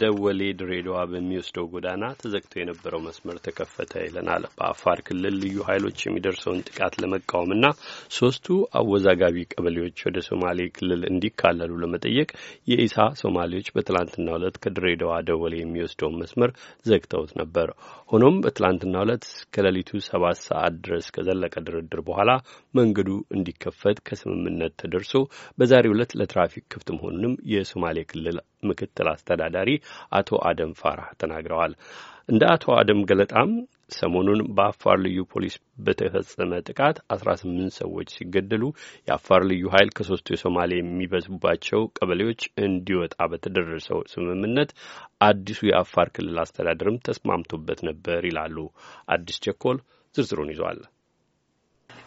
ደወሌ ድሬዳዋ በሚወስደው ጎዳና ተዘግቶ የነበረው መስመር ተከፈተ ይለናል። በአፋር ክልል ልዩ ኃይሎች የሚደርሰውን ጥቃት ለመቃወም እና ሶስቱ አወዛጋቢ ቀበሌዎች ወደ ሶማሌ ክልል እንዲካለሉ ለመጠየቅ የኢሳ ሶማሌዎች በትላንትናው ዕለት ከድሬዳዋ ደወሌ የሚወስደውን መስመር ዘግተውት ነበር። ሆኖም በትላንትናው ዕለት ከሌሊቱ ሰባት ሰዓት ድረስ ከዘለቀ ድርድር በኋላ መንገዱ እንዲከፈት ከስምምነት ተደርሶ በዛሬው ዕለት ለትራፊክ ክፍት መሆኑንም የሶማሌ ክልል ምክትል አስተዳዳሪ አቶ አደም ፋራህ ተናግረዋል። እንደ አቶ አደም ገለጣም ሰሞኑን በአፋር ልዩ ፖሊስ በተፈጸመ ጥቃት አስራ ስምንት ሰዎች ሲገደሉ የአፋር ልዩ ኃይል ከሶስቱ የሶማሌ የሚበዙባቸው ቀበሌዎች እንዲወጣ በተደረሰው ስምምነት አዲሱ የአፋር ክልል አስተዳደርም ተስማምቶበት ነበር ይላሉ። አዲስ ቸኮል ዝርዝሩን ይዟል።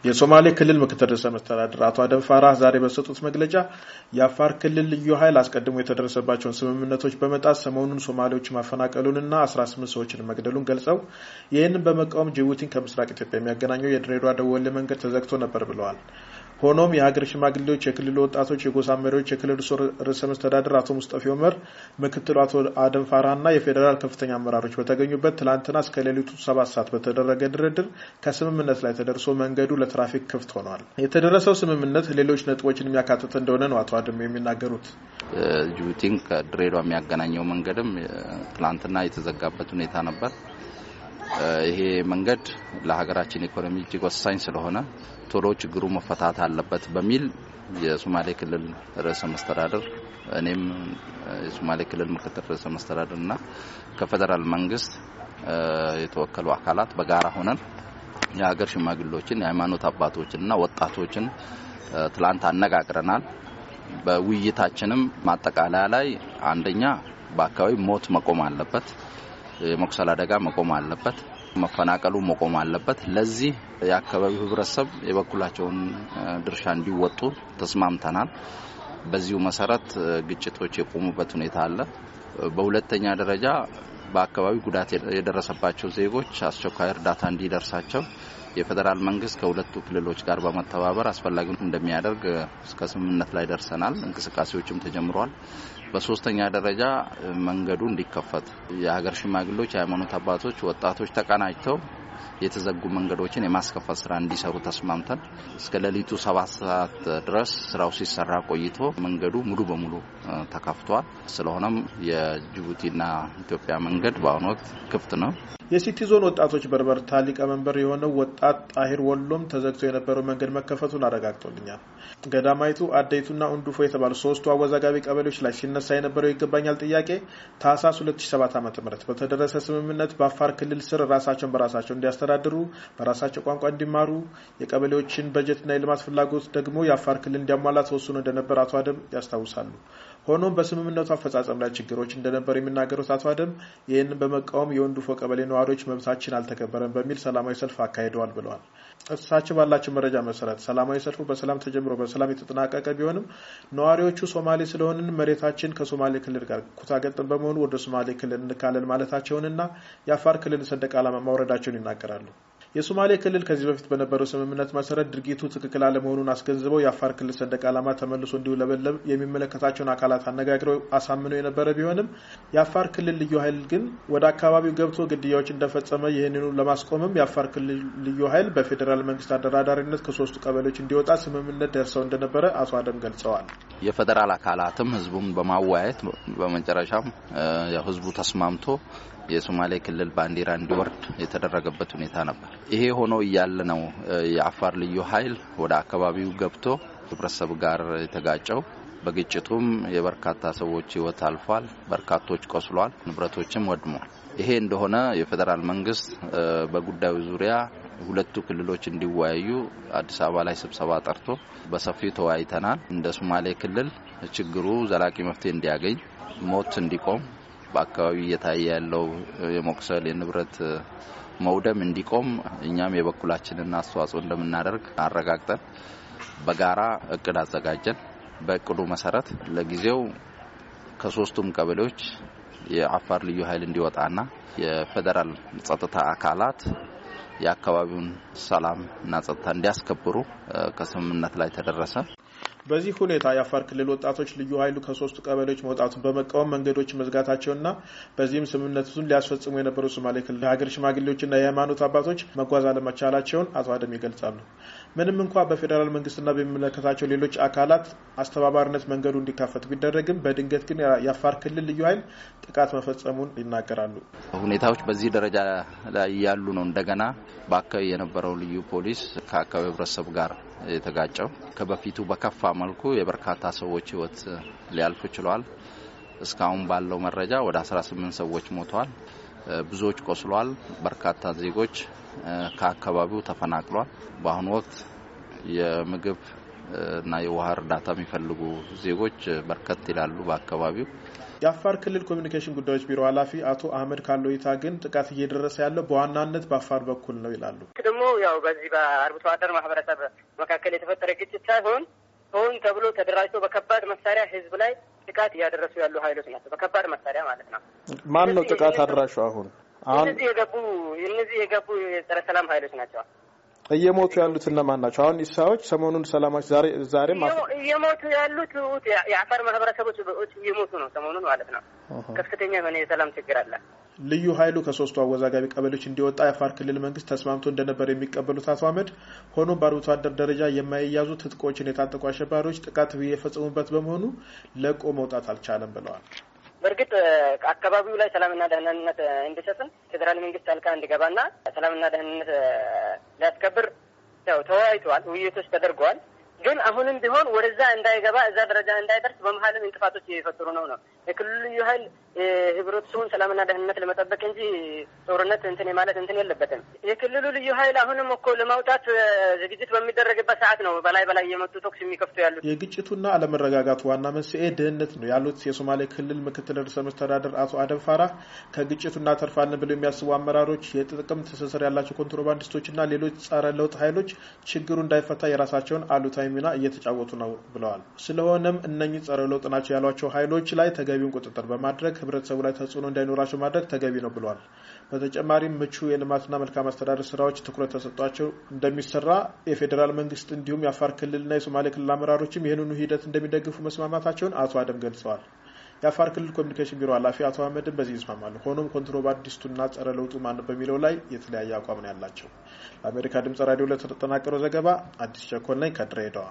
የሶማሌ ክልል ምክትል ርዕሰ መስተዳድር አቶ አደም ፋራህ ዛሬ በሰጡት መግለጫ የአፋር ክልል ልዩ ኃይል አስቀድሞ የተደረሰባቸውን ስምምነቶች በመጣት ሰሞኑን ሶማሌዎች ማፈናቀሉንና ስምንት ሰዎችን መግደሉን ገልጸው ይህንን በመቃወም ጅቡቲን ከምስራቅ ኢትዮጵያ የሚያገናኘው የድሬዳዋ ደወሌ መንገድ ተዘግቶ ነበር ብለዋል። ሆኖም የሀገር ሽማግሌዎች፣ የክልሉ ወጣቶች፣ የጎሳ መሪዎች፣ የክልሉ ርዕሰ መስተዳድር አቶ ሙስጠፌ ኦመር፣ ምክትሉ አቶ አደም እና የፌዴራል ከፍተኛ አመራሮች በተገኙበት ትላንትና እስከ ሌሊቱ ሰባት ሰዓት በተደረገ ድርድር ከስምምነት ላይ ተደርሶ መንገዱ ለትራፊክ ክፍት ሆኗል። የተደረሰው ስምምነት ሌሎች ነጥቦችን የሚያካትት እንደሆነ ነው አቶ አደም የሚናገሩት። ጅቡቲን ከድሬዳዋ የሚያገናኘው መንገድም ትላንትና የተዘጋበት ሁኔታ ነበር። ይሄ መንገድ ለሀገራችን ኢኮኖሚ እጅግ ወሳኝ ስለሆነ ቶሎ ችግሩ መፈታት አለበት በሚል የሶማሌ ክልል ርዕሰ መስተዳደር እኔም የሶማሌ ክልል ምክትል ርዕሰ መስተዳደር እና ከፌደራል መንግስት የተወከሉ አካላት በጋራ ሆነን የሀገር ሽማግሌዎችን፣ የሃይማኖት አባቶችንና ወጣቶችን ትላንት አነጋግረናል። በውይይታችንም ማጠቃለያ ላይ አንደኛ በአካባቢ ሞት መቆም አለበት። የመቁሰል አደጋ መቆም አለበት። መፈናቀሉ መቆም አለበት። ለዚህ የአካባቢው ህብረተሰብ የበኩላቸውን ድርሻ እንዲወጡ ተስማምተናል። በዚሁ መሰረት ግጭቶች የቆሙበት ሁኔታ አለ። በሁለተኛ ደረጃ በአካባቢው ጉዳት የደረሰባቸው ዜጎች አስቸኳይ እርዳታ እንዲደርሳቸው የፌዴራል መንግስት ከሁለቱ ክልሎች ጋር በመተባበር አስፈላጊ እንደሚያደርግ እስከ ስምምነት ላይ ደርሰናል። እንቅስቃሴዎችም ተጀምረዋል በሶስተኛ ደረጃ መንገዱ እንዲከፈት የሀገር ሽማግሌዎች፣ የሃይማኖት አባቶች፣ ወጣቶች ተቀናጅተው የተዘጉ መንገዶችን የማስከፈት ስራ እንዲሰሩ ተስማምተን እስከ ሌሊቱ ሰባት ሰዓት ድረስ ስራው ሲሰራ ቆይቶ መንገዱ ሙሉ በሙሉ ተከፍቷል። ስለሆነም የጅቡቲና ኢትዮጵያ መንገድ በአሁኑ ወቅት ክፍት ነው። የሲቲ ዞን ወጣቶች በርበርታ ሊቀመንበር የሆነው ወጣት ጣሂር ወሎም ተዘግቶ የነበረው መንገድ መከፈቱን አረጋግጦልኛል። ገዳማይቱ፣ አደይቱና እንዱፎ የተባሉ ሶስቱ አወዛጋቢ ቀበሌዎች ላይ ሲነሳ የነበረው ይገባኛል ጥያቄ ታህሳስ 2007 ዓ ም በተደረሰ ስምምነት በአፋር ክልል ስር ራሳቸውን በራሳቸው እንዲያስተዳድሩ፣ በራሳቸው ቋንቋ እንዲማሩ፣ የቀበሌዎችን በጀትና የልማት ፍላጎት ደግሞ የአፋር ክልል እንዲያሟላ ተወስኖ እንደነበር አቶ አደም ያስታውሳሉ። ሆኖም በስምምነቱ አፈጻጸም ላይ ችግሮች እንደነበር የሚናገሩት አቶ አደም ይህንን በመቃወም የወንዱፎ ቀበሌ ነዋሪዎች መብታችን አልተከበረም በሚል ሰላማዊ ሰልፍ አካሂደዋል ብለዋል። እሳቸው ባላቸው መረጃ መሰረት ሰላማዊ ሰልፉ በሰላም ተጀምሮ በሰላም የተጠናቀቀ ቢሆንም ነዋሪዎቹ ሶማሌ ስለሆንን መሬታችን ከሶማሌ ክልል ጋር ኩታገጠም በመሆኑ ወደ ሶማሌ ክልል እንካለል ማለታቸውንና የአፋር ክልል ሰንደቅ ዓላማ ማውረዳቸውን ይናገራሉ። የሶማሌ ክልል ከዚህ በፊት በነበረው ስምምነት መሰረት ድርጊቱ ትክክል አለመሆኑን አስገንዝበው የአፋር ክልል ሰንደቅ ዓላማ ተመልሶ እንዲውለበለብ የሚመለከታቸውን አካላት አነጋግረው አሳምነው የነበረ ቢሆንም የአፋር ክልል ልዩ ኃይል ግን ወደ አካባቢው ገብቶ ግድያዎች እንደፈጸመ ይህንኑ ለማስቆምም የአፋር ክልል ልዩ ኃይል በፌዴራል መንግስት አደራዳሪነት ከሶስቱ ቀበሌዎች እንዲወጣ ስምምነት ደርሰው እንደነበረ አቶ አደም ገልጸዋል። የፌዴራል አካላትም ህዝቡን በማወያየት በመጨረሻም ህዝቡ ተስማምቶ የሶማሌ ክልል ባንዲራ እንዲወርድ የተደረገበት ሁኔታ ነበር። ይሄ ሆኖ እያለ ነው የአፋር ልዩ ኃይል ወደ አካባቢው ገብቶ ህብረተሰብ ጋር የተጋጨው። በግጭቱም የበርካታ ሰዎች ህይወት አልፏል። በርካቶች ቆስሏል። ንብረቶችም ወድሟል። ይሄ እንደሆነ የፌዴራል መንግስት በጉዳዩ ዙሪያ ሁለቱ ክልሎች እንዲወያዩ አዲስ አበባ ላይ ስብሰባ ጠርቶ በሰፊው ተወያይተናል። እንደ ሶማሌ ክልል ችግሩ ዘላቂ መፍትሄ እንዲያገኝ፣ ሞት እንዲቆም፣ በአካባቢ እየታየ ያለው የመቁሰል የንብረት መውደም እንዲቆም እኛም የበኩላችንን አስተዋጽኦ እንደምናደርግ አረጋግጠን በጋራ እቅድ አዘጋጀን። በእቅዱ መሰረት ለጊዜው ከሶስቱም ቀበሌዎች የአፋር ልዩ ኃይል እንዲወጣና የፌዴራል ጸጥታ አካላት የአካባቢውን ሰላም እና ጸጥታ እንዲያስከብሩ ከስምምነት ላይ ተደረሰ። በዚህ ሁኔታ የአፋር ክልል ወጣቶች ልዩ ኃይሉ ከሶስቱ ቀበሌዎች መውጣቱን በመቃወም መንገዶች መዝጋታቸውና በዚህም ስምምነቱን ሊያስፈጽሙ የነበሩ ሶማሌ ክልል የሀገር ሽማግሌዎችና የሃይማኖት አባቶች መጓዝ አለመቻላቸውን አቶ አደም ይገልጻሉ። ምንም እንኳ በፌዴራል መንግስትና በሚመለከታቸው ሌሎች አካላት አስተባባሪነት መንገዱ እንዲካፈት ቢደረግም በድንገት ግን የአፋር ክልል ልዩ ኃይል ጥቃት መፈጸሙን ይናገራሉ። ሁኔታዎች በዚህ ደረጃ ላይ ያሉ ነው። እንደገና በአካባቢ የነበረው ልዩ ፖሊስ ከአካባቢ ህብረተሰብ ጋር የተጋጨው። ከበፊቱ በከፋ መልኩ የበርካታ ሰዎች ህይወት ሊያልፍ ችሏል። እስካሁን ባለው መረጃ ወደ 18 ሰዎች ሞተዋል፣ ብዙዎች ቆስሏል። በርካታ ዜጎች ከአካባቢው ተፈናቅሏል። በአሁኑ ወቅት የምግብ እና የውሃ እርዳታ የሚፈልጉ ዜጎች በርከት ይላሉ በአካባቢው የአፋር ክልል ኮሚኒኬሽን ጉዳዮች ቢሮ ኃላፊ አቶ አህመድ ካሎይታ ግን ጥቃት እየደረሰ ያለው በዋናነት በአፋር በኩል ነው ይላሉ። ደግሞ ያው በዚህ በአርብቶ አደር ማህበረሰብ መካከል የተፈጠረ ግጭት ሳይሆን ሆን ተብሎ ተደራጅቶ በከባድ መሳሪያ ህዝብ ላይ ጥቃት እያደረሱ ያሉ ሀይሎች ናቸው። በከባድ መሳሪያ ማለት ነው። ማን ነው ጥቃት አድራሹ? አሁን አሁን እነዚህ የገቡ እነዚህ የገቡ የጸረ ሰላም ሀይሎች ናቸው። እየሞቱ ያሉት እነማን ናቸው? አሁን ኢሳዎች ሰሞኑን ሰላማች ዛሬ ዛሬ እየሞቱ ያሉት የአፋር ማህበረሰቦች እየሞቱ ነው፣ ሰሞኑን ማለት ነው። ከፍተኛ የሆነ የሰላም ችግር አለ። ልዩ ኃይሉ ከሶስቱ አወዛጋቢ ቀበሌዎች እንዲወጣ የአፋር ክልል መንግስት ተስማምቶ እንደነበር የሚቀበሉት አቶ አህመድ፣ ሆኖም በአርብቶ አደር ደረጃ የማይያዙ ትጥቆችን የታጠቁ አሸባሪዎች ጥቃት የፈጸሙበት በመሆኑ ለቆ መውጣት አልቻለም ብለዋል። በእርግጥ አካባቢው ላይ ሰላምና ደህንነት እንዲሰፍን ፌዴራል መንግስት ጣልቃ እንዲገባና ሰላምና ደህንነት ሊያስከብር ያው ተወያይተዋል፣ ውይይቶች ተደርገዋል። ግን አሁንም ቢሆን ወደዛ እንዳይገባ እዛ ደረጃ እንዳይደርስ በመሀልም እንቅፋቶች እየፈጠሩ ነው ነው የክልሉ ልዩ ኃይል የህብረተሰቡን ሰላምና ደህንነት ለመጠበቅ እንጂ ጦርነት እንትን ማለት እንትን የለበትም። የክልሉ ልዩ ኃይል አሁንም እኮ ለማውጣት ዝግጅት በሚደረግበት ሰዓት ነው በላይ በላይ የመጡ ተኩስ የሚከፍቱ ያሉት። የግጭቱና አለመረጋጋቱ ዋና መንስኤ ድህነት ነው ያሉት የሶማሌ ክልል ምክትል ርዕሰ መስተዳደር አቶ አደም ፋራ ከግጭቱ እናተርፋለን ብለው የሚያስቡ አመራሮች፣ የጥቅም ትስስር ያላቸው ኮንትሮባንዲስቶችና ሌሎች ጸረ ለውጥ ኃይሎች ችግሩ እንዳይፈታ የራሳቸውን አሉታዊ ሚና እየተጫወቱ ነው ብለዋል። ስለሆነም እነኚህ ጸረ ለውጥ ናቸው ያሏቸው ኃይሎች ላይ ተገቢውን ቁጥጥር በማድረግ ህብረተሰቡ ላይ ተጽዕኖ እንዳይኖራቸው ማድረግ ተገቢ ነው ብለዋል። በተጨማሪም ምቹ የልማትና መልካም አስተዳደር ስራዎች ትኩረት ተሰጧቸው እንደሚሰራ የፌዴራል መንግስት እንዲሁም የአፋር ክልልና የሶማሌ ክልል አመራሮችም ይህንኑ ሂደት እንደሚደግፉ መስማማታቸውን አቶ አደም ገልጸዋል። የአፋር ክልል ኮሚኒኬሽን ቢሮ ኃላፊ አቶ አህመድን በዚህ ይስማማሉ። ሆኖም ኮንትሮባንዲስቱና ጸረ ለውጡ ማን በሚለው ላይ የተለያየ አቋም ነው ያላቸው። ለአሜሪካ ድምጽ ራዲዮ ለተጠናቀረው ዘገባ አዲስ ቸኮል ነኝ ከድሬዳዋ።